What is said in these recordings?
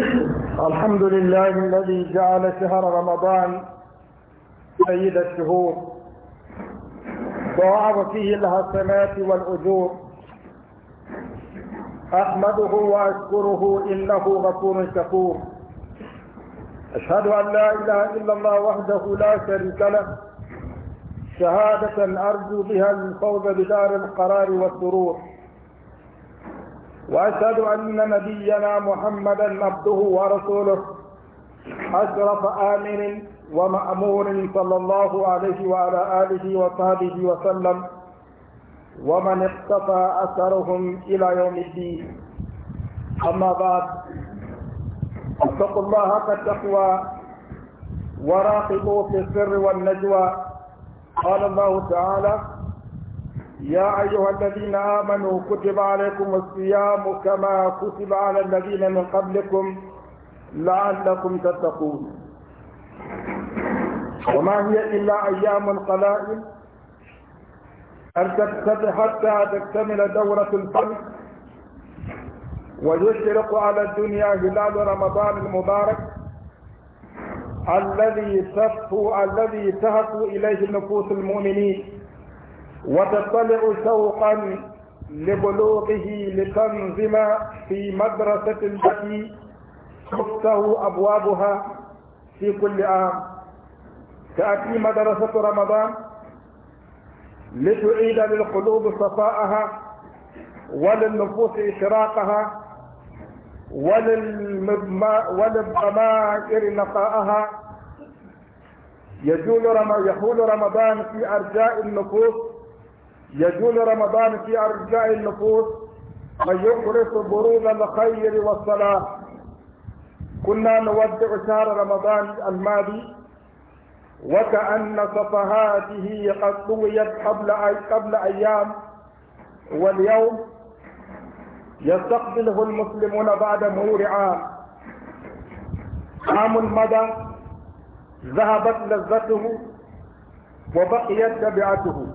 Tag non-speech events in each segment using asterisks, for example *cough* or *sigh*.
الحمد لله الذي جعل شهر رمضان سيد الشهور وعظ فيه الحسنات والأجور أحمده وأشكره إنه غفور شكور أشهد أن لا إله إلا الله وحده لا شريك له شهادة أرجو بها الفوز بدار القرار والسرور وأشهد أن نبينا محمدا عبده ورسوله أشرف آمن ومأمور صلى الله عليه وعلى آله وصحبه وسلم ومن اقتفى أثرهم إلى يوم الدين أما بعد اتقوا الله حق التقوى وراقبوا في السر والنجوى قال الله تعالى يا أيها الذين آمنوا كتب عليكم الصيام كما كتب على الذين من قبلكم لعلكم تتقون وما هي إلا أيام قلائل أن تكتب حتى تكتمل دورة الفرد ويشرق على الدنيا هلال رمضان المبارك الذي تهفو الذي تهفو إليه نفوس المؤمنين وتطلع شوقا لبلوغه لتنظم في مدرسة التي تفتح أبوابها في كل عام تأتي مدرسة رمضان لتعيد للقلوب صفاءها وللنفوس إشراقها وللضمائر نقاءها يجول رم... يحول رمضان في أرجاء النفوس يجول رمضان في أرجاء النفوس فيحرص برود الخير والصلاة كنا نودع شهر رمضان الماضي وكأن صفهاته قد طويت قبل قبل أيام واليوم يستقبله المسلمون بعد مرور عام عام مضى ذهبت لذته وبقيت تبعته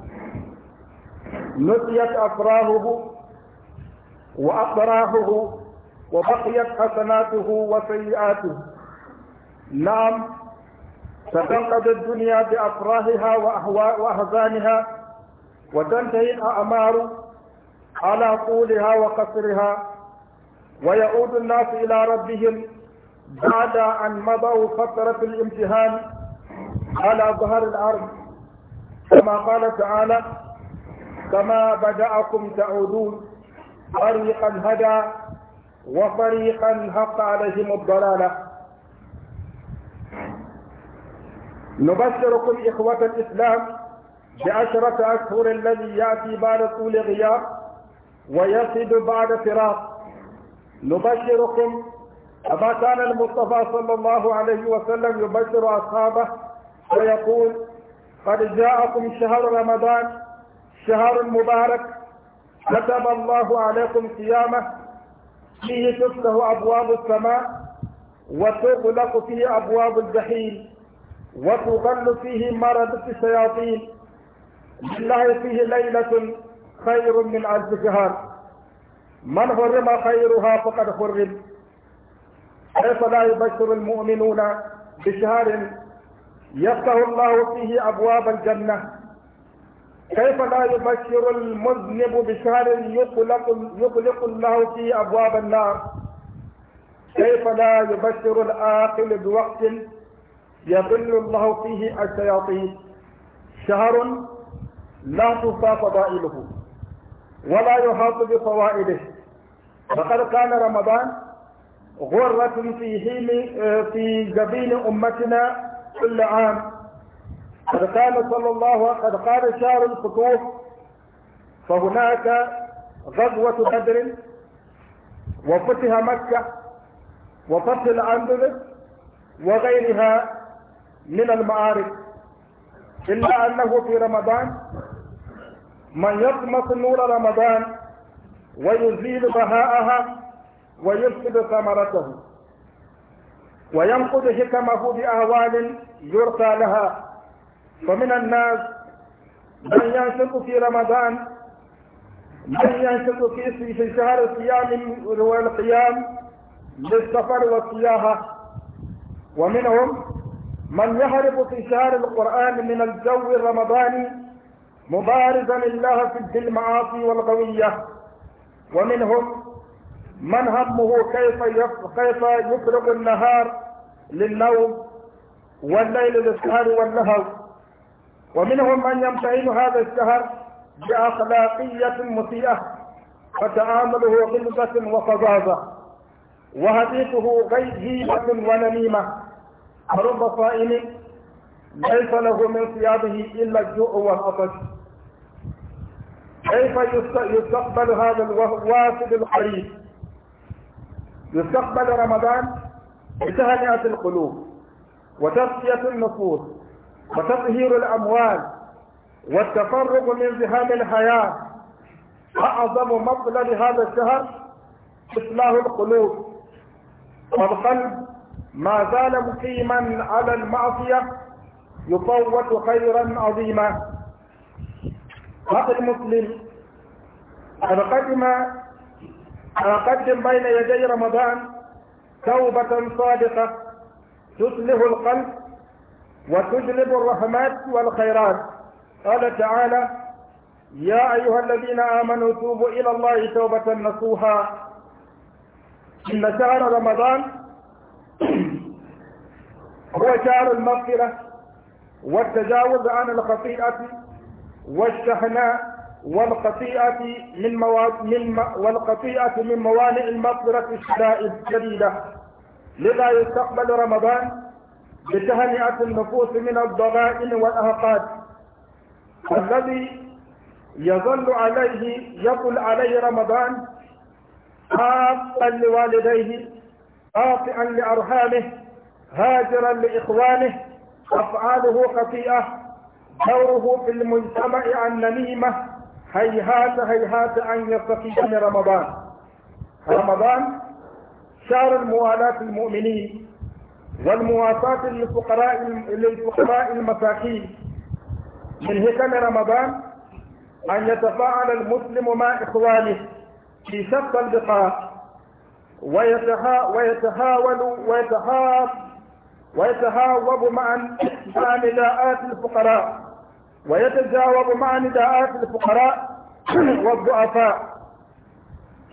نسيت أفراهه وأفراهه وبقيت حسناته وسيئاته نعم ستنقضي الدنيا بأفراهها وأحزانها وتنتهي الأعمار على طولها وقصرها ويعود الناس إلى ربهم بعد أن مضوا فترة الامتحان على ظهر الأرض كما قال تعالى كما بدأكم تعودون طريقا هدى وطريقا حق عليهم الضلالة نبشركم إخوة الإسلام بعشرة أشهر الذي يأتي بعد طول غياب ويصد بعد فراق نبشركم أما كان المصطفى صلى الله عليه وسلم يبشر أصحابه ويقول قد جاءكم شهر رمضان شهر مبارك كتب الله عليكم صيامه فيه تفتح أبواب السماء وتغلق فيه أبواب الجحيم وتغل فيه مرض الشياطين لله فيه ليلة خير من ألف شهر من حرم خيرها فقد حرم كيف لا يبشر المؤمنون بشهر يفتح الله فيه أبواب الجنة كيف لا يبشر المذنب بشهر يخلق يخلق الله في ابواب النار كيف لا يبشر العاقل بوقت يظل الله فيه الشياطين شهر لا تصى فضائله ولا يحاط بفوائده فقد كان رمضان غرة في حين في جبين أمتنا كل عام قد قال صلى الله قد قال شهر الفتوح فهناك غزوة بدر وفتح مكة وفتح الأندلس وغيرها من المعارك إلا أنه في رمضان من يطمس نور رمضان ويزيل بهاءها ويفسد ثمرته وينقض حكمه بأهوال يرثى لها فمن الناس من ينشط في رمضان من ينشط في في شهر صيام والقيام للسفر والسياحة ومنهم من يهرب في شهر القرآن من الجو الرمضاني مبارزا لله في المعاصي والغوية ومنهم من همه كيف كيف يفرغ النهار للنوم والليل للسهر والنهر ومنهم من يمتهن هذا الشهر بأخلاقية مسيئة فتعامله غلبة وفظاظة وحديثه غيبة ونميمة فرب صائم ليس له من ثيابه إلا الجوع والعطش كيف يستقبل هذا الواسد القريب يستقبل رمضان بتهنئة القلوب وتسقية النفوس وتطهير الأموال والتفرغ من زهام الحياة أعظم مبلغ هذا الشهر إصلاح القلوب والقلب ما زال مقيما على المعصية يفوت خيرا عظيما أخي المسلم قد قدم أقدم بين يدي رمضان توبة صادقة تصلح القلب وتجلب الرحمات والخيرات قال تعالى يا أيها الذين آمنوا توبوا إلى الله توبة نصوحا إن شهر رمضان *clears throat* هو شهر المغفرة والتجاوز عن الخطيئة والشحناء والقطيئة من موا... من م... والقطيئة من موانئ المغفرة الجديدة لذا يستقبل رمضان بتهنئة النفوس من الضغائن والأهقاد الذي يظل عليه يطل عليه رمضان حاقا لوالديه خاطئا لأرحامه هاجرا لإخوانه أفعاله خطيئة دوره في المجتمع عن نميمة هيهات هيهات أن يستقيم رمضان رمضان شهر الموالاة المؤمنين والمواساة للفقراء للفقراء المساكين من هتم رمضان أن يتفاعل المسلم مع إخوانه في شتى البقاع ويتها ويتهاول ويتهاب ويتهاوب مع نداءات الفقراء ويتجاوب مع نداءات الفقراء والضعفاء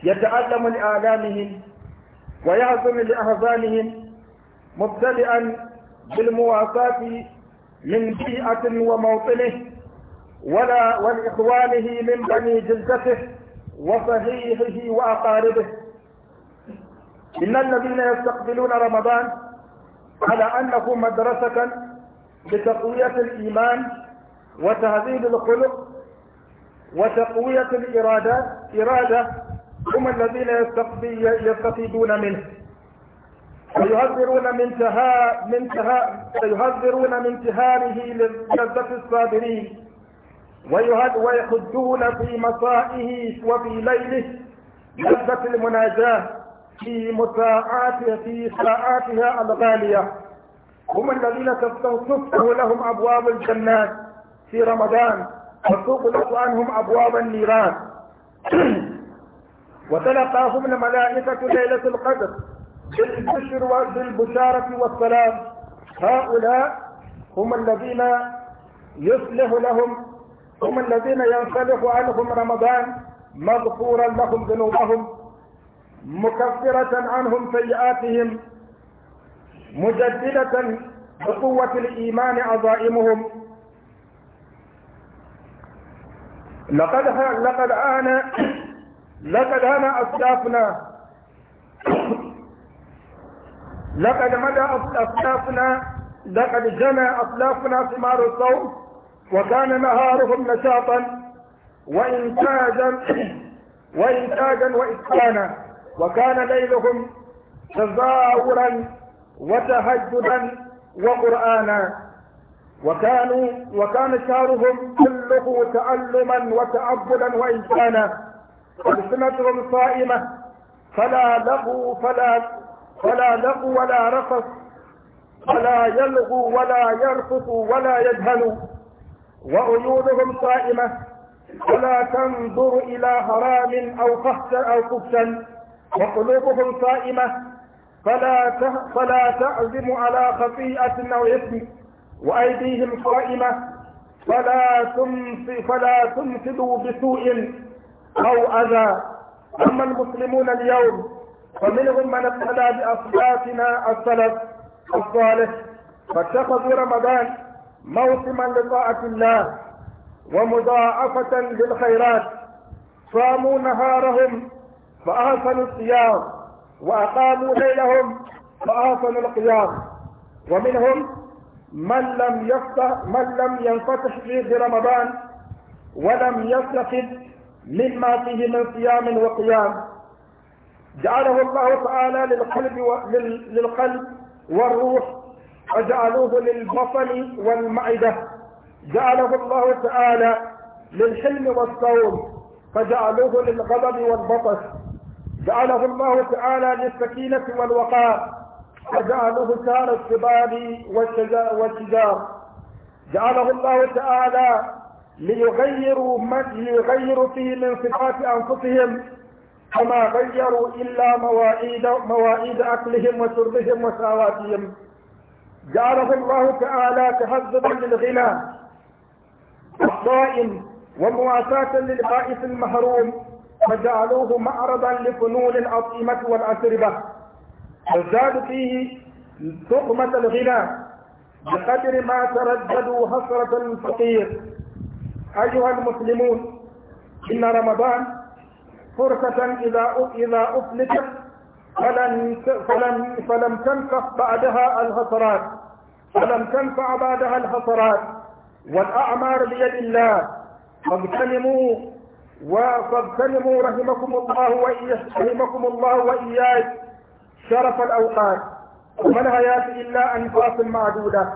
يتألم لآلامهم ويعزم لأحزانهم مبتدئا بالمواساة من بيئة وموطنه ولا ولإخوانه من بني جلدته وصحيحه وأقاربه إن الذين يستقبلون رمضان على أنه مدرسة لتقوية الإيمان وتهذيب الخلق وتقوية الإرادة إرادة هم الذين يستفيدون منه فيهذرون من تها من تها فيهذرون من تهانه للذة الصابرين ويحجون في مسائه وفي ليله لذة المناجاة في مساعاتها في ساعاتها الغالية هم الذين تفتح لهم أبواب الجنات في رمضان وتغلق عنهم أبواب النيران *clears throat* وتلقاهم الملائكة ليلة القدر بالبشر بالبشارة والسلام هؤلاء هم الذين يصلح لهم هم الذين ينصلح عنهم رمضان مغفورا لهم ذنوبهم مكفرة عنهم سيئاتهم مجددة بقوة الإيمان عظائمهم لقد لقد آن لقد آن أسلافنا لقد مدى أطلافنا لقد جنى أطلافنا ثمار الصوم وكان نهارهم نشاطا وإنتاجا *clears throat* وإنتاجا وإتقانا وكان ليلهم تزاورا وتهجدا وقرآنا وكانوا وكان شهرهم كله تعلما وتعبدا وإنسانا ألسنتهم صائمة فلا لغو فلا ولا لغو ولا رفث ولا يلغو ولا يرفث ولا يجهل وعيونهم صائمة ولا تنظر إلى حرام أو فحشا أو فحشا وقلوبهم صائمة فلا فلا تعزم على خطيئة أو إثم وأيديهم صائمة فلا تمس فلا تنفذوا بسوء أو أذى أما المسلمون اليوم ومنهم من ابتلى بأصلاتنا السلف الصالح فاتخذوا رمضان موسما لطاعة الله ومضاعفة للخيرات صاموا نهارهم فأحسنوا الصيام وأقاموا ليلهم فأحسنوا القيام ومنهم من لم يفتح من لم ينفتح فيه رمضان ولم يستفد مما فيه من صيام وقيام جعله الله تعالى للقلب و... لل... للقلب والروح وجعلوه للبطن والمعدة جعله الله تعالى للحلم والصوم فجعلوه للغضب والبطش جعله الله تعالى للسكينة والوقار فجعلوه سار الشباب والشجار جعله الله تعالى ليغيروا ما ليغيروا فيه من صفات أنفسهم فما غيروا إلا مواعيد مواعيد أكلهم وشربهم وساواتهم جعله الله تعالى تهذبا للغنى الصائم ومواساة للبائس المحروم فجعلوه معرضا لفنون الأطعمة والأشربة فزادوا فيه تقمة الغنى بقدر ما ترددوا حسرة الفقير أيها المسلمون إن رمضان فرصة إذا إذا أفلتت فلن فلم فلم تنفع بعدها الحسرات فلم تنفع بعدها الحسرات والأعمار بيد الله فاغتنموا وفاغتنموا رحمكم الله رحمكم الله وإياك شرف الأوقات وما الحياة إلا أنفاس معدودة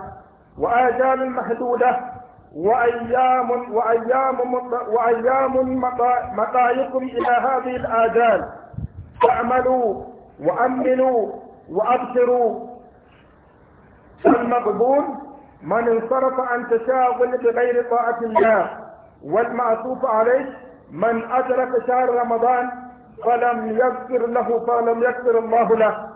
وآجال محدودة وأيام وأيام وأيام مطايقكم إلى هذه الآجال فاعملوا وأمنوا وأبصروا المغبون من انصرف عن تشاغل بغير طاعة الله والمعصوف عليه من أدرك شهر رمضان فلم يغفر له فلم يغفر الله له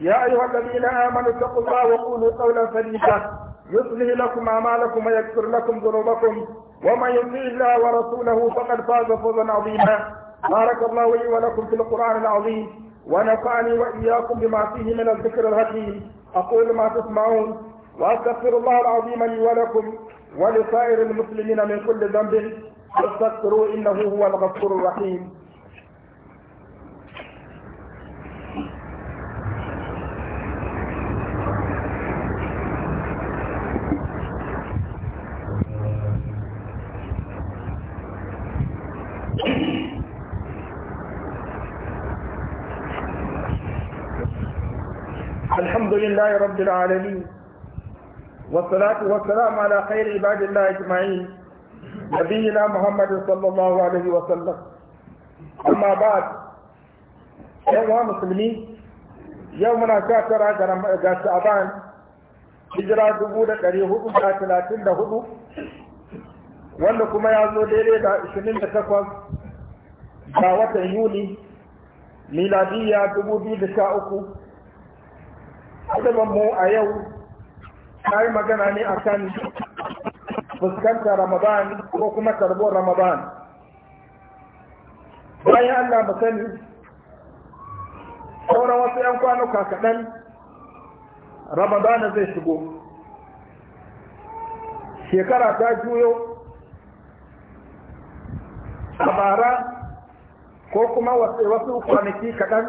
يا أيها الذين آمنوا اتقوا الله وقولوا قولا سديدا يصلح لكم أعمالكم ويكفر لكم ذنوبكم ومن يطع الله ورسوله فقد فاز فوزا عظيما بارك الله لي ولكم في القرآن العظيم ونفعني وإياكم بما فيه من الذكر الحكيم أقول ما تسمعون وأستغفر الله العظيم لي ولكم ولسائر المسلمين من كل ذنب فاستغفروه إنه هو الغفور الرحيم لله رب العالمين والصلاة والسلام على خير عباد الله أجمعين نبينا محمد صلى الله عليه وسلم أما بعد أيها المسلمين يومنا ga شعبان hijira dubu da ɗari huɗu da talatin da huɗu. wanda kuma ya zo daidai da ishirin da takwas ga watan yuli miladiyya dubu biyu da sha uku Azaban mu a yau ta yi magana ne akan fuskantar Ramadan ko kuma karbuwar Ramadan. Bayan Allah mu sani, sauran wasu ‘yan kwanuka kaɗan Ramadan zai shigo. Shekara ta juyo a bara ko kuma wasu kwanaki kaɗan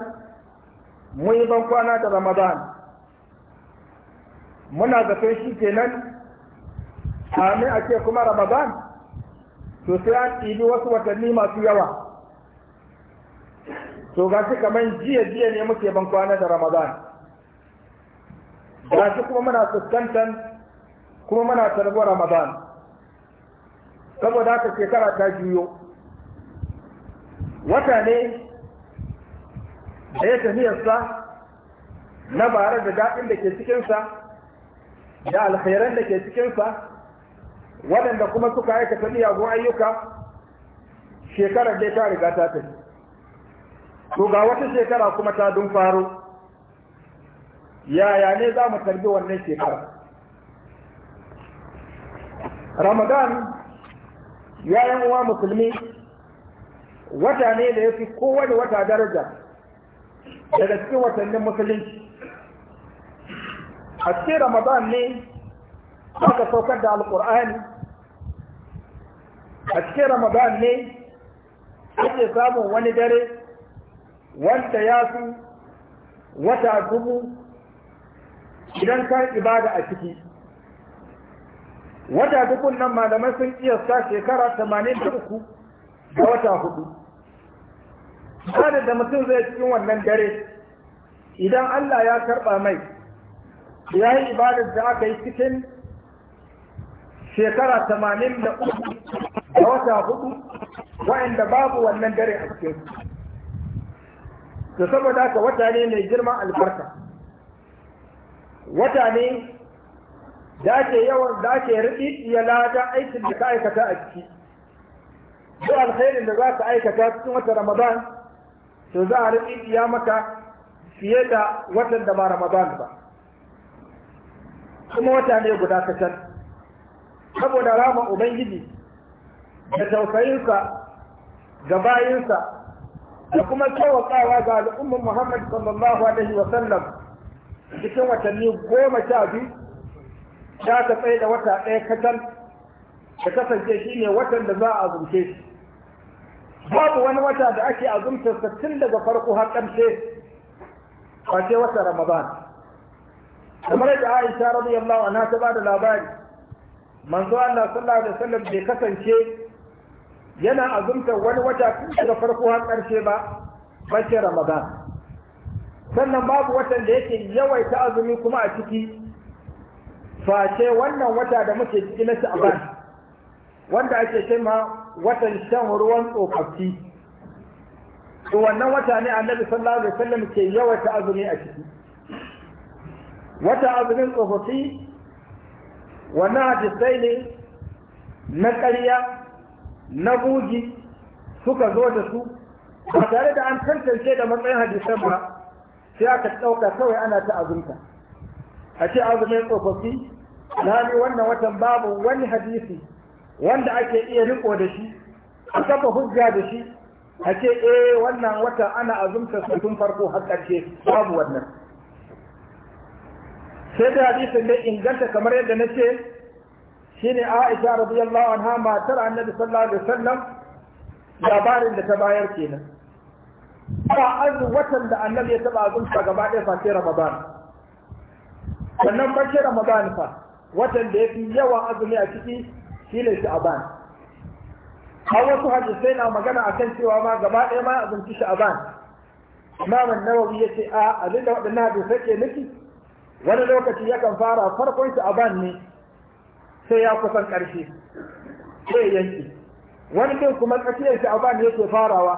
mun yi ban kwana da Ramadan. muna zaton shi kenan kamin a kuma ramadan to sai an ɗibi wasu watanni masu yawa to ga shi kamar jiya jiya ne muke ban kwana da ramadan ga shi kuma muna fuskantar kuma muna tarbo ramadan saboda haka shekara ta juyo wata ne da ya tafiyarsa na bare da daɗin da ke cikinsa da alkhairan da ke cikinsa waɗanda kuma suka aikata miyagun ayyuka shekarar dai ta riga ta tafi to ga wata shekara kuma ta dun faro yaya ne za mu tarbi wannan shekara ramadan yayan uwa musulmi wata ne da ya fi kowane wata daraja daga cikin watannin musulunci haske ramadan ne aka saukar da alkur'ani a cikin ramadan ne ake samun wani dare wanda ya fi wata dubu idan ka ibada a ciki wata dubun nan malamai sun iya sa shekara 83 da wata hudu kada da mutum zai cikin wannan dare idan allah ya karba mai ya yi ibadar da aka yi cikin shekara tamanin da uku da wata hudu wa'anda babu wannan dare a cikin su saboda haka wata ne mai girma albarka wata ne da ake yawan da ake ya lada aikin da ka aikata a ciki duk alkhairin da za ka aikata cikin wata ramadan to za a riɗi ya maka fiye da watan da ba ramadan ba kuma wata ne guda kacal saboda rama ubangiji da tausayinsa ga bayinsa da kuma kyawakawa ga al'ummar muhammad sallallahu alaihi wa cikin watanni goma sha biyu sha ta tsaye da wata ɗaya kacal da kasance shi ne watan da za a azumce shi babu wani wata da ake azumtarsa tun daga farko har ƙarshe wace wata ramadan kamar da Aisha radiyallahu anha ta bada labari manzo Allah sallallahu alaihi wasallam bai kasance yana azumta wani wata tun daga farko har karshe ba bace Ramadan sannan babu watan da yake yawaita azumi kuma a ciki face wannan wata da muke ciki na Sha'ban wanda ake cewa watan shan ruwan tsofaffi to wannan wata ne Annabi sallallahu alaihi wasallam ke yawaita azumi a ciki wata azumin tsofaffi wannan hadisai ne na ƙarya na bugi suka zo da su ba tare da an tantance da matsayin hadisan ba sai aka ɗauka kawai ana ta azumta a ce azumin tsofaffi lami wannan watan babu wani hadisi wanda ake iya riko da shi a kafa hujja da shi a ce eh wannan wata ana azumta su tun farko har ƙarshe babu wannan sai da hadisin da inganta kamar yadda na ce shine Aisha radiyallahu anha matar Annabi sallallahu alaihi wasallam labarin da ta bayar kenan ba watan da Annabi ya taba azumta gaba ɗaya fashe Ramadan sannan fashe Ramadan fa watan da ya fi yawan azumi a ciki shi ne shine aban a wasu hadisai na magana a kan cewa ma gaba ɗaya ma azumci shi aban An-Nawawi ce a abinda waɗannan hadisai ke nufi wani lokaci yakan fara farkon shi a ban ne sai ya kusan ƙarshe sai yanki wani din kuma tsakiyar shi a ban yake farawa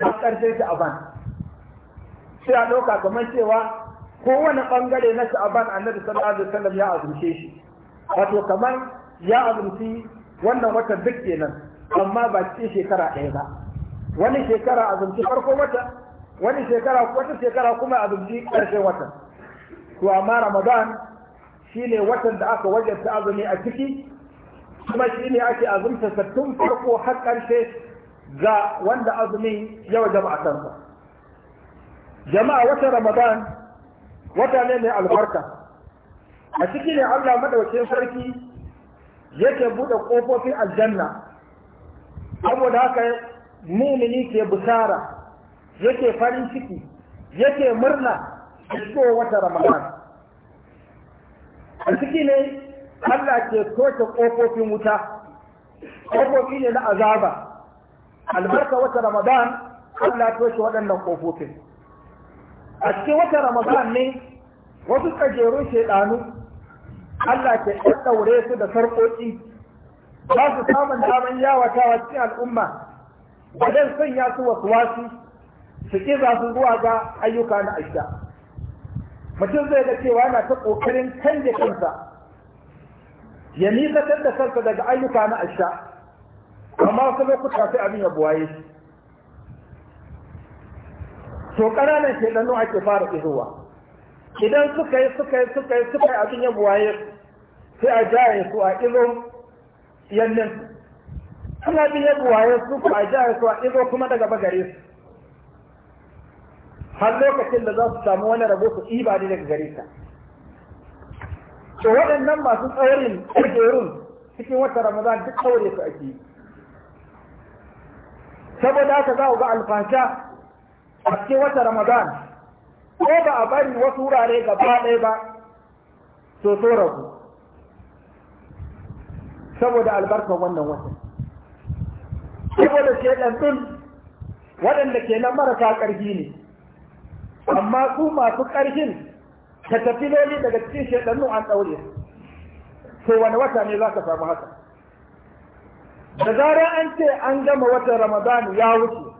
har ƙarshe shi a ban sai a ɗauka kamar cewa kowane ɓangare na a sha'aban annabi sallallahu alaihi wasallam ya azumce shi wato kamar ya azumci wannan watan duk kenan amma ba cikin shekara ɗaya ba wani shekara azumci farko wata wani shekara wata shekara kuma azumci ƙarshen watan to amma ramadan shine watan da aka wajabta azumi a ciki kuma shine ake azumta tun farko har karshe ga wanda azumin ya wajaba a kansa jama'a watan ramadan wata ne mai albarka a ciki ne Allah madaukakin sarki yake bude ƙofofin aljanna saboda haka mumini ke busara yake farin ciki yake murna shigo wata ramadan a ciki ne Allah ke toshe ƙofofin wuta ƙofofi ne na azaba albarka wata ramadan Allah toshe waɗannan ƙofofin a cikin wata ramadan ne wasu kajerun shaidanu Allah ke ɗaɗɗaure su da sarƙoƙi za su samun daman yawatawa cikin al'umma ba zan sanya su wasu wasu su ƙi za su zuwa ga ayyuka na aisha mutum zai ga cewa yana ta ƙoƙarin canja kansa ya nisatar da kansa daga ayyuka na asha amma wasu lokuta sai abin ya buwaye shi to ƙananan shaidannu ake fara izuwa idan suka yi suka yi suka yi suka yi abin ya buwaye sai a jaye su a izo yannin suna bin ya buwaye su a jaye su a izo kuma daga bagare su har lokacin da za su samu wani rabo su ɗiba ne daga gare ta, to waɗannan masu tsaurin kujerun cikin wata ramadan duk ɗaure su ake yi saboda haka za ku ga alfasha a cikin wata ramadan ko ba a bari wasu wurare gaba ɗaya ba to so rabu saboda albarkar wannan watan saboda ke ɗin waɗanda ke nan marasa ƙarfi ne amma su masu ƙarfin ka tafi loli daga cikin shaɗannu an ɗaure to wani wata ne za ka samu haka da zara an ce an gama watan ramadan ya wuce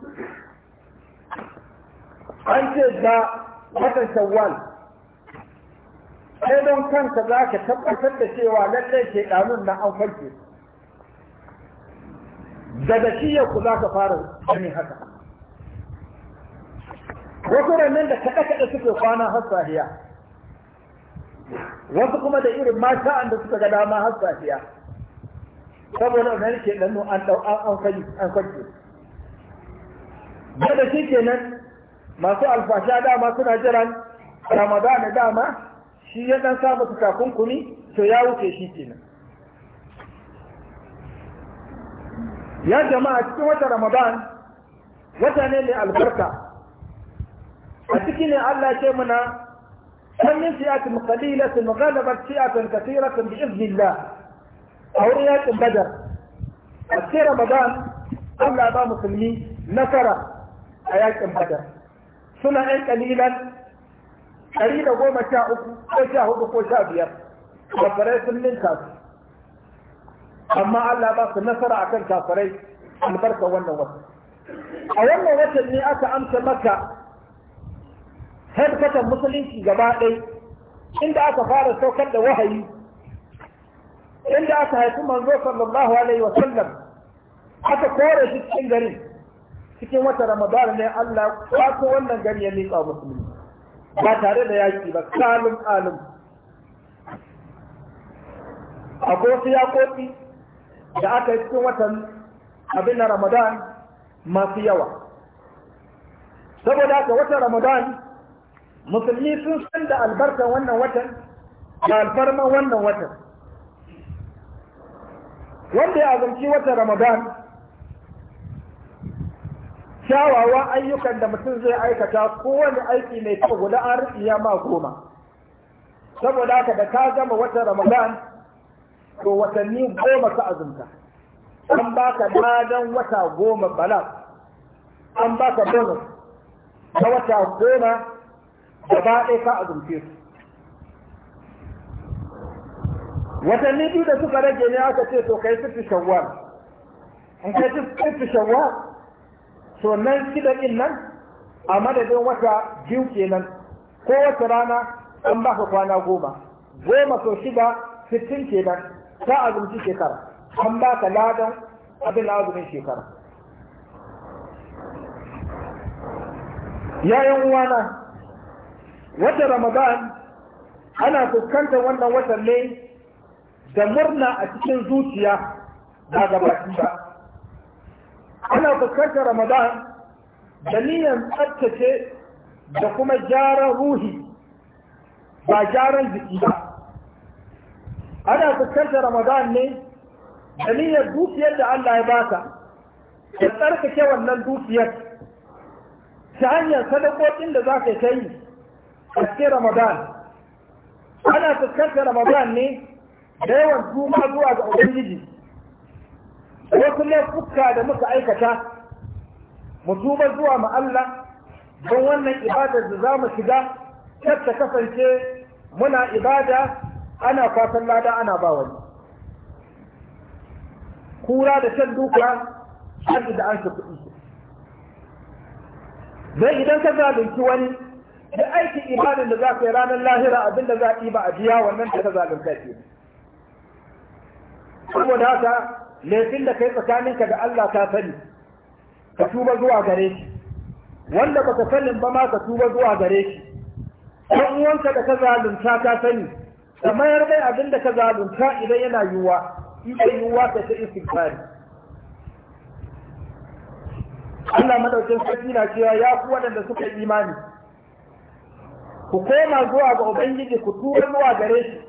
an ce ga watan shawwal sai don kanka za ka tabbatar da cewa lallai ɗanun na an farke daga shi ku za ka fara ganin haka wasu rannan da kaɗa-kaɗa suke kwana har safiya wasu kuma da irin masha'an da suka ga dama har safiya saboda wani ke ɗannu an ɗau an kwanke da shi ke nan, masu alfasha dama suna jiran ramadana dama shi ya ɗan samu su takunkumi to ya wuce shi nan ya jama'a cikin wata ramadan wata ne mai albarka أتكين الله كمنا سمي فئة قليلة غلبت فئة كثيرة بإذن الله أورية بدر أتي رمضان قبل أبا مسلمي نكر آيات بدر سنة قليلا قليلا وما شاء وشاء وقف وشاء وفريس من كاف أما على باس نصر أكن كافرين البركة وانا وانا وانا وانا أمس مكة harkatar musulunci gaba ɗai inda aka fara saukar da wahayi inda aka haifi manzo sallallahu alaihi wasallam aka kore shi cikin garin cikin wata ramadana ne Allah kwato wannan gari ya miƙa musulmi ba tare da yaƙi ba kalum kalum akwai wasu yaƙoƙi da aka yi cikin watan abin na ramadan masu yawa saboda ka watan ramadan musulmi sun san da albarka wannan watan da alfarma wannan watan wanda ya azumci watan ramadan kyawawan ayyukan da mutum zai aikata kowane aiki mai kyau guda an ya ma goma saboda haka da ka gama watan ramadan to watanni goma ka azumta an baka dadan wata goma bala an baka bonus ta wata goma gaba ɗaya ka azumce su watanni biyu da suka rage ne aka ce to kai sifi shawwal in kai sifi shawwal to nan shida ɗin nan a madadin wata biyu kenan ko wata rana an ba ka kwana goma goma sau shida sittin kenan ta azumci shekara an ba ka ladan abin azumin shekara yayan uwana wata ramadan ana fuskantar wannan watan ne da murna a cikin zuciya ba gabaki ba ana fuskantar ramadan da niyan tsabtace da kuma gyaran ruhi ba gyaran jiki ba ana fuskantar ramadan ne da niyyar dukiyar da Allah ya baka ya tsarkake wannan dukiyar ta hanyar sadakokin da za ka yi kaske ramadan ana fuskantar ramadan ne da yawan tuma zuwa ga ubangiji wasu laifuka da muka aikata mu tuba zuwa ma Allah don wannan ibadar da za mu shiga kar ta kasance muna ibada ana fatan lada ana ba wani kura da shan duka har da an shi kuɗi. Zai idan ka zalunci wani Yi aikin imanin da za ka yi ranar lahira abin da za a ba a biya wannan da ta zalunta ce saboda haka laifin da kai tsakaninka da Allah ta sani ka tuba zuwa gare shi wanda baka sanin ba ma ka tuba zuwa gare shi dan uwanka da ka zalunta ta sani ka mayar mai abin da ka zalunta idan yana yiwuwa idan yiwuwa ka ta istighfari Allah madaukin sarki na cewa ya ku waɗanda suka imani ku koma zuwa ga ubangiji ku tura zuwa gare shi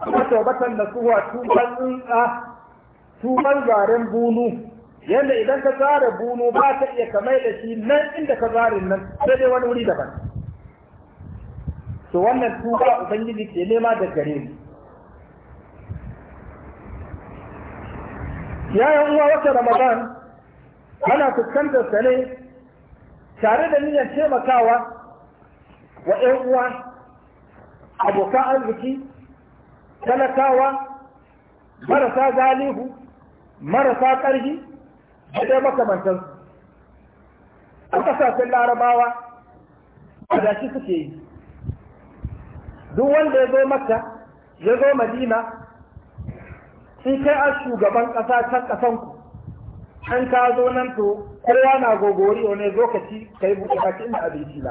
kuma taubatan da suwa tuban tsuntsa tuban zaren bunu yadda idan ka zare bunu ba ta iya kamai da shi nan inda ka zare nan sai dai wani wuri daban to wannan tuba ubangiji ke nema da gare ya yayan uwa wata ramadan ana fuskantar sa ne tare da niyyar taimakawa wa ‘yan uwa abokan arziki talakawa marasa galihu marasa ƙarfi da dai makamantansu a ƙasashen larabawa a dashi suke yi duk wanda ya zo makka ya zo madina sun kai a shugaban ƙasa can ƙasanku an ka zo nan to kowa na gogori ne zo ka ci ka yi buɗe inda abinci ba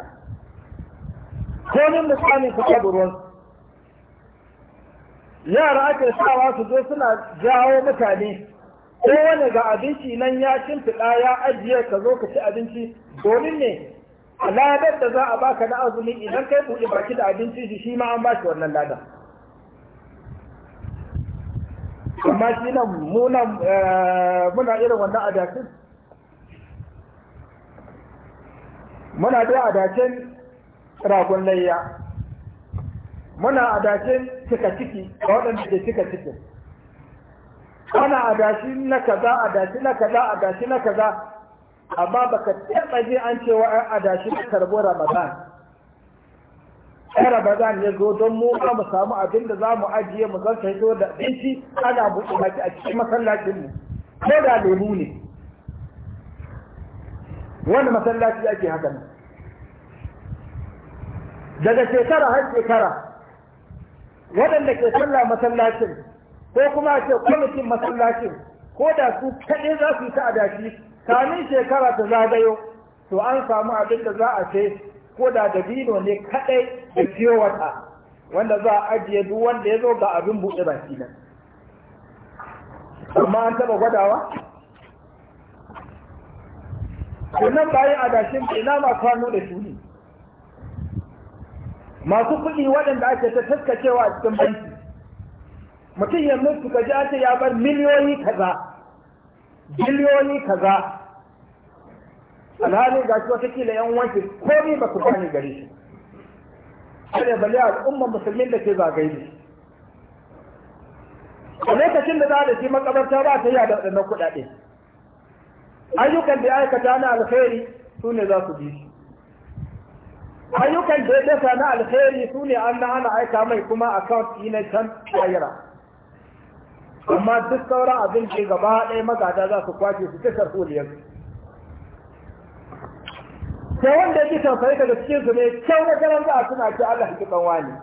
komin da tsamin ka da ruwan yara ake sawa su zo suna jawo mutane kowane ga abinci nan ya cimfiɗa ya ajiye ka zo ka ci abinci domin ne ladar da za a baka na azumi idan kai buɗe baki da abinci shi shi ma an ba shi wannan ladar amma shi nan muna eh, muna irin wannan adacin muna dai adacin ragon layya muna adashin cika ciki ga waɗanda ke cika ciki ana adashi na kaza adashi na kaza adashi na kaza amma baka taɓa ji an cewa ai adashi na karbo ramadan ɗan ramadan ya zo don mu ba mu samu abin da za mu ajiye mu zan fito da ɗinci ana buɗe baki a cikin masallacinmu ko da lemu ne wani masallaci ake haka ne daga shekara har shekara waɗanda ke sallah masallacin ko kuma ke ce kwamitin masallacin ko da su kaɗai za su yi ta adashi kamin shekara ta zagayo to an samu abin da za a ce ko da dabino ne kaɗai da fiye wata wanda za a ajiye duk wanda ya zo ga abin buɗe baki nan amma an taɓa gwadawa sannan bayan adashin ina ma kwano da su masu kuɗi waɗanda ake ta taskacewa a cikin banki mutum ya mutu ka ji ake ya bar miliyoyi kaza biliyoyi kaza alhali ga shi kila yan wanki komai ba su gane gare shi kada bale al'ummar musulmin da ke zagaye ne a lokacin da za da shi makabarta ba ta yi da waɗannan kuɗaɗe ayyukan da ya aikata na alkhairi su ne za su bi shi ayyukan da ya na alheri su ne an na ana aika mai kuma account ina can tsayira amma duk sauran abin ke gaba ɗaya magada za su kwace su ta sarhuliyar sai wanda ya ji tamfari daga cikin su ne kyau na garan za a suna ce Allah shi ɗan wani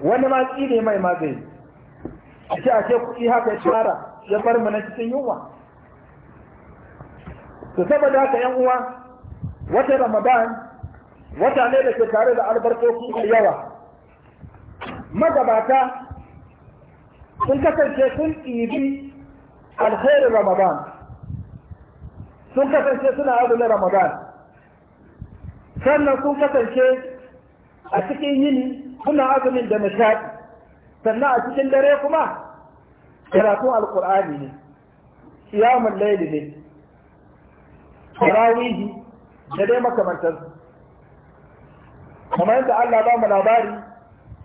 wani ma ne mai magani a ce a ce kuɗi haka ya tsara ya bar mu na cikin yunwa to saboda haka yan uwa wata ramadan wata ne da ke tare da albarkoki da yawa magabata sun kasance sun ɗibi alherin ramadan sun kasance suna azumin ramadan sannan sun kasance a cikin yini suna azumin da nishaɗi sannan a cikin dare kuma karatun alkur'ani ne siyamun laili ne tarawihi da dai makamantar kamar yadda Allah ba mu labari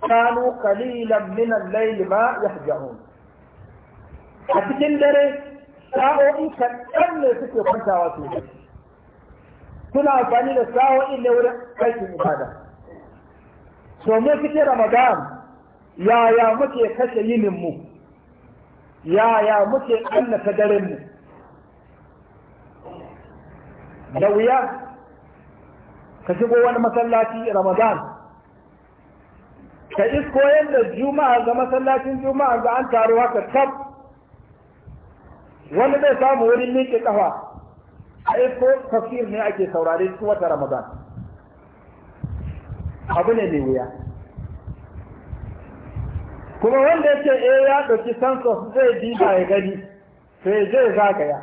kanu minan min al-layl ma yahja'un a cikin dare sa'o'i kaɗan ne suke kwantawa su suna amfani da sa'o'i ne wurin aikin ibada to me kike ramadan yaya muke kashe yinin mu yaya muke ta daren mu da wuya ka shigo wani masallaci ramadan ka isko yadda juma'a ga masallacin juma'a ga an taru haka tab wani zai samu wurin miƙe kafa a isko tafsir ne ake saurare cikin wata ramadan abu ne mai wuya kuma wanda yake eh ya ɗauki sansos zai diba ya gani sai zai zagaya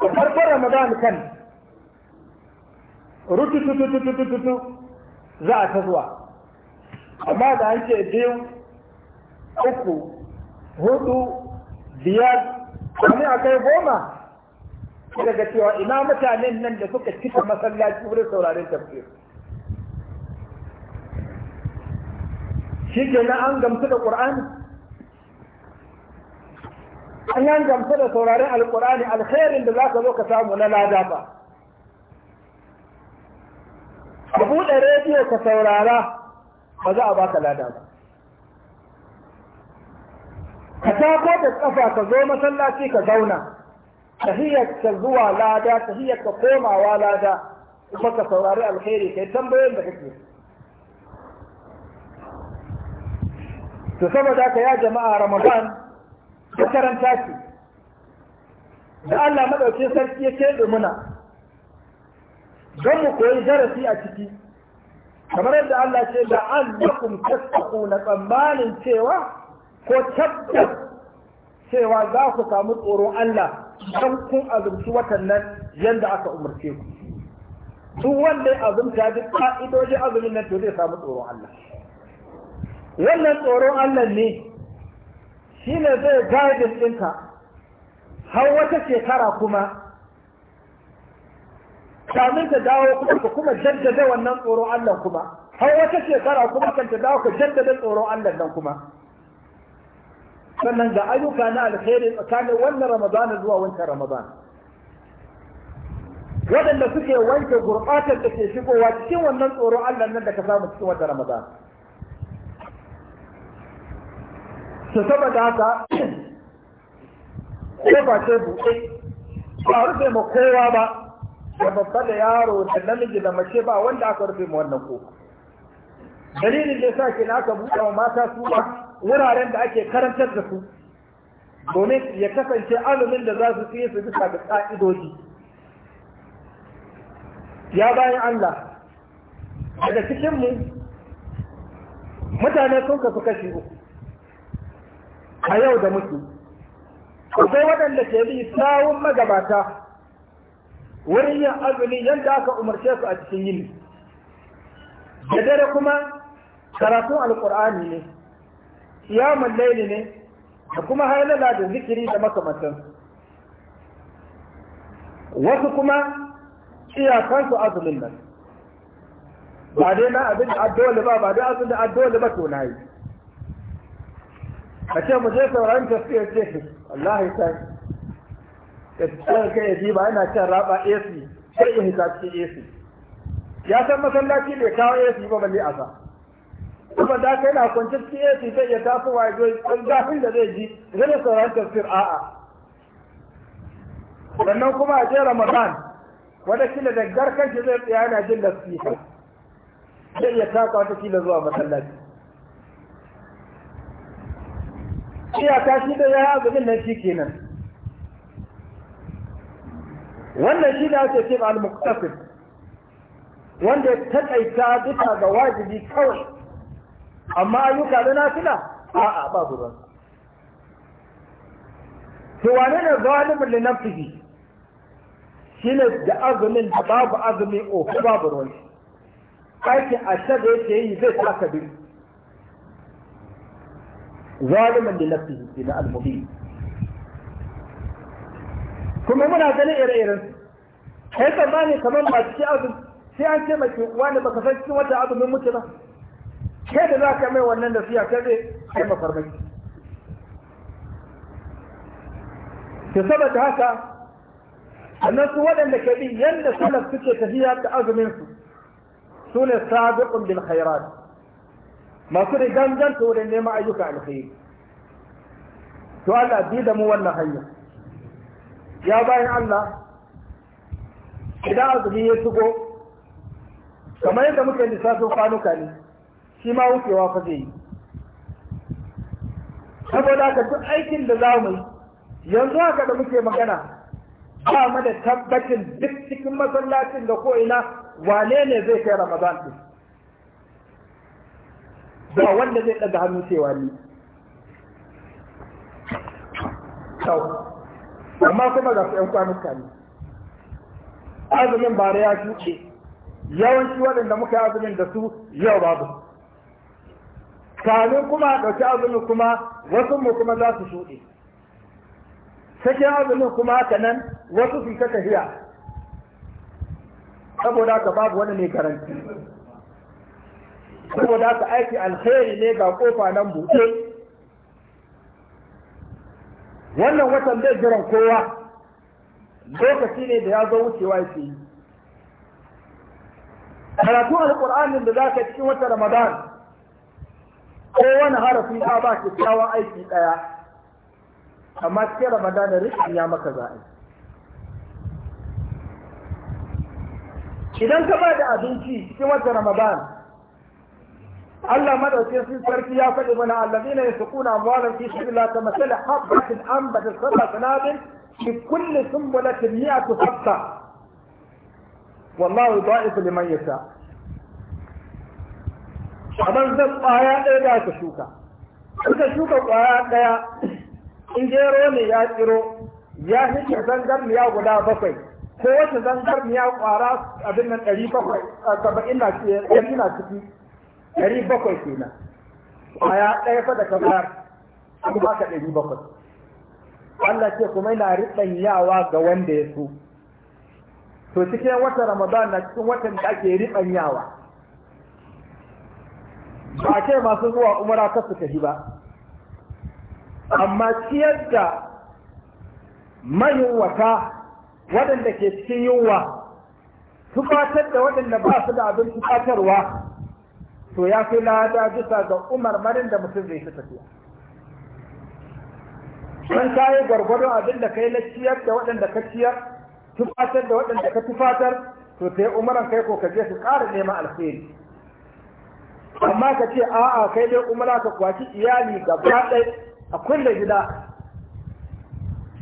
farkon ramadan kan rutututututututu za a ta amma da anke biyu uku hudu biyar wani a kai goma daga cewa ina mutanen nan da suka cika masallaci wurin sauraren tafsir shi ke na an gamsu da ƙur'ani an yan gamsu da sauraren alƙur'ani alkhairin da za ka zo ka samu na lada ba ka buɗe rediyo ka saurara ba za a baka lada ba ka tako da ƙafa ka zo masallaci ka zauna tahiyar ka zuwa lada tahiyar ka komawa lada kuma ka saurari alheri kai tambayoyin da kake to saboda ka ya jama'a ramadan ta karanta ce da Allah madaukin sarki ya ce muna don mu koyi darasi a ciki kamar yadda Allah ce da an lakum tattaku na tsammanin cewa ko tabbas cewa za ku samu tsoron Allah don kun azumci watannan nan yadda aka umarce ku duk wanda ya azumta duk ka'idojin azumin nan to zai samu tsoron Allah wannan tsoron Allah ne shine zai gaidin ɗinka har wata shekara kuma kamin ta dawo kuma ka kuma jaddada wannan tsoron Allah kuma har wata shekara kuma kan ta dawo ka jaddada tsoron Allah nan kuma sannan ga ayyuka na alkhairi tsakanin wannan Ramadan zuwa wancan Ramadan waɗanda suke wanke gurɓatar da ke shigowa cikin wannan tsoron Allah nan da ka samu cikin wata Ramadan to saboda haka *clears throat* ko ba ce buɗe ba rufe ma kowa ba da babba da yaro da namiji da mace ba wanda aka rufe mu wannan kofa dalilin da yasa kenan aka buɗe wa mata su ba wuraren da ake karantar da su domin ya kasance alumin da za su tsaye su bisa ga ƙa'idoji ya bayan Allah daga cikinmu mutane sun kasu kashi uku a yau da mutu akwai waɗanda ke bi sawun magabata wurin yin azumi yadda aka umarce su a cikin yini da dare kuma karatun alkur'ani ne siyamun laili ne da kuma hailala da zikiri da makamantan wasu kuma iyakansu azumin nan ba dai na abin da ba ba dai azumin da addole ba to nayi a ce mu je sauraron tafsir Allah ya sai ka tsara kai ya ba yana cin raba AC sai ya hita cikin AC ya san masallaci bai kawo AC ba balle a sa kuma da kai na kwance cikin AC sai ya taso wa ya dan zafin da zai ji zai da sauran tafsir a'a sannan kuma a je Ramadan wanda kila da garkan shi zai tsaya yana jin nasiha zai iya taka wata kila zuwa masallaci ta shi da ya yi azumin nan shi kenan wannan shi ne ake cewa al-muqtasid wanda ya takaita duka ga wajibi kawai amma ayyuka na nafila a'a ba ruwan to wane ne zalimin li Shi ne da azumin da babu azumi o babu ruwan aikin ashe da yake yi zai taka biri zalimin na nafsihi ila al-mubin kuma muna ganin ire-iren kai tsammani kamar ba cikin azumi sai an ce mace wani baka san cikin wata azumin mutu ba kai da za ka mai wannan da siya kai zai kai mafarmaki ta saboda haka sannan su waɗanda ke bi yadda salaf suke tafiya ta azumin su su ne sabiqun bil khairat masu rigangan to da neman ayyuka alkhairi to Allah bi da mu wannan hanya ya bayan Allah idan azumi ya shigo kamar yadda muke lissafin kwanuka ne shi ma wucewa fa zai yi saboda ka duk aikin da za mu yi yanzu haka da muke magana ba mu da tabbacin duk cikin masallacin da ko'ina wane ne zai kai ramadan din ba wanda zai ɗaga hannu cewa ne? amma kuma ga su 'yan kwanuka ne azumin bara ya shuɗe yawanci waɗanda muka azumin da su yau babu kamin kuma a ɗauki azumin kuma wasu mu kuma za su shuɗe cikin azumin kuma haka nan wasu sun ta tafiya saboda haka babu wani ne garanti saboda haka aiki alheri ne ga kofa nan buɗe wannan watan zai jiran kowa lokaci ne da ya zo wucewa yake yi karatun alƙur'anin da za ka cikin wata ramadan kowane harafi ya ba ki kyawun aiki ɗaya amma cikin ramadan da rikin ya maka za'a idan ka ba da abinci cikin wata ramadan Allah madaukin sun sarki ya faɗi mana allazina yasquna amwalan fi sabilillah kama sala habatin ambatat sab'a sanabil fi kulli sumbulatin mi'atu habba wallahu da'ifu liman yasha kamar zan ƙwaya ɗaya da ka shuka suka shuka ƙwaya ɗaya in gero ne ya tsiro ya hike zangarniya guda bakwai ko wata zangarniya ƙwara abin nan ɗari bakwai saba'in na ciki ɗari bakwai a ya ɗaya fa da ka bayar ba ka ɗari bakwai Allah ce kuma yana yawa ga wanda ya so to cikin wata ramadan na cikin watan da ake yawa. ba ce masu zuwa umara ta su tafi ba amma ciyar da mayuwata, waɗanda ke cikin yunwa fatar da waɗanda ba su da abin fatarwa to ya fi lada bisa ga umarmarin da mutum zai fi tafiya an ta yi gwargwadon abin da kai na ciyar da waɗanda ka ciyar tufatar da waɗanda ka tufatar to ta yi umaran kai ko ka je su ƙara neman alheri amma ka ce a'a kai dai umara ka kwaci iyali gaba ɗai a kulle gida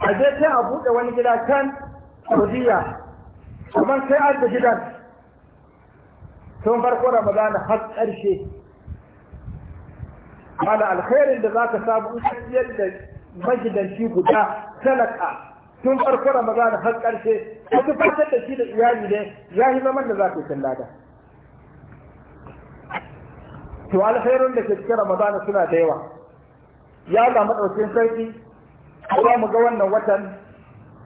a je sai a buɗe wani gida can saudiya kamar sai an da gidan tun farko ramadana har ƙarshe mana alkhairin da za ka samu isasiyar da magidanci guda talaka tun farko ramadana har ƙarshe ka tufatar da shi da iyali ne ya yi zaman da za ka yi sallada to alkhairun da ke cikin ramadana suna da yawa ya ga maɗaukin sarki za mu ga wannan watan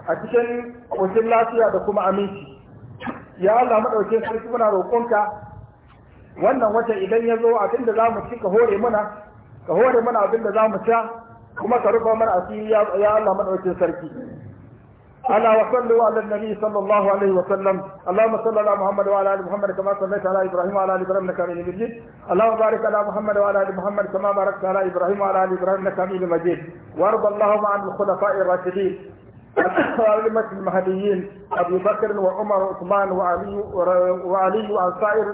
a cikin ƙoshin lafiya da kuma aminci ya Allah maɗaukin sarki muna roƙonka wannan wata idan ya zo abinda za mu ci ka hore muna ka hore muna abinda za mu sha kuma ka rufa mana asiri ya Allah madaukakin sarki ألا وصلوا على النبي صلى الله عليه وسلم اللهم صل على محمد وعلى ال محمد كما صليت على ابراهيم وعلى ال ابراهيم انك حميد مجيد اللهم بارك على محمد وعلى ال محمد كما باركت على ابراهيم وعلى ال ابراهيم انك حميد مجيد وارض اللهم عن الخلفاء الراشدين الأئمة المهديين أبي بكر وعمر وعثمان وعلي وعلي وعن سائر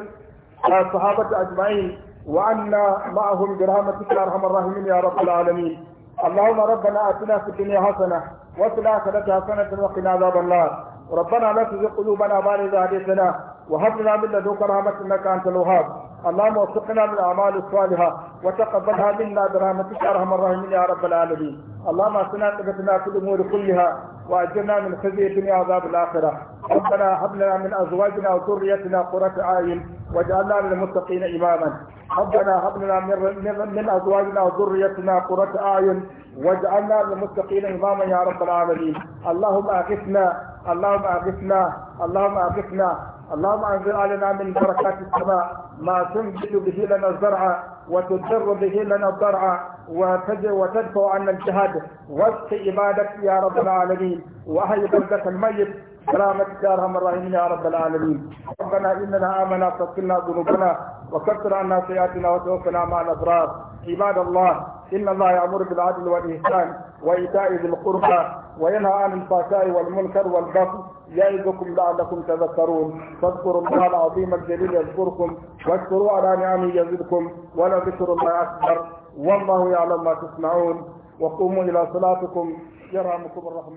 الصحابة أجمعين وأن معهم برحمتك يا أرحم الراحمين يا رب العالمين اللهم ربنا آتنا في الدنيا حسنة وفي الآخرة حسنة وقنا عذاب النار ربنا لا تزغ قلوبنا بعد إذا هديتنا وهب لنا من لدنك رحمة إنك أنت الوهاب اللهم وفقنا للأعمال الصالحة وتقبلها منا برحمتك ارحم الراحمين يا رب العالمين اللهم اعطنا تقتنا في الامور كلها واجرنا من خزي الدنيا وعذاب الاخره ربنا هب لنا من ازواجنا وذريتنا قرة اعين واجعلنا للمتقين اماما ربنا هب لنا من من ازواجنا وذريتنا قرة اعين واجعلنا للمتقين اماما يا رب العالمين اللهم اغثنا اللهم اغثنا اللهم اغثنا اللهم انزل علينا من بركات السماء ما تنزل به لنا الزرع وتدر به لنا الضرع وتدفع عنا الجهاد واسق عبادك يا رب العالمين وأهل بلدة الميت سلامة دارهم الراحمين يا رب العالمين ربنا إننا آمنا فاغفرنا ذنوبنا وكفر عنا سيئاتنا وتوفنا مع الأبرار عباد الله إن الله يأمر بالعدل والإحسان وإيتاء ذي القربى وينهى عن الفحشاء والمنكر والبخل يعظكم لعلكم تذكرون فاذكروا الله العظيم الجليل يذكركم واشكروا على نعمه يزدكم ولذكر الله أكبر والله يعلم ما تصنعون وقوموا إلى صلاتكم يرحمكم الرحمن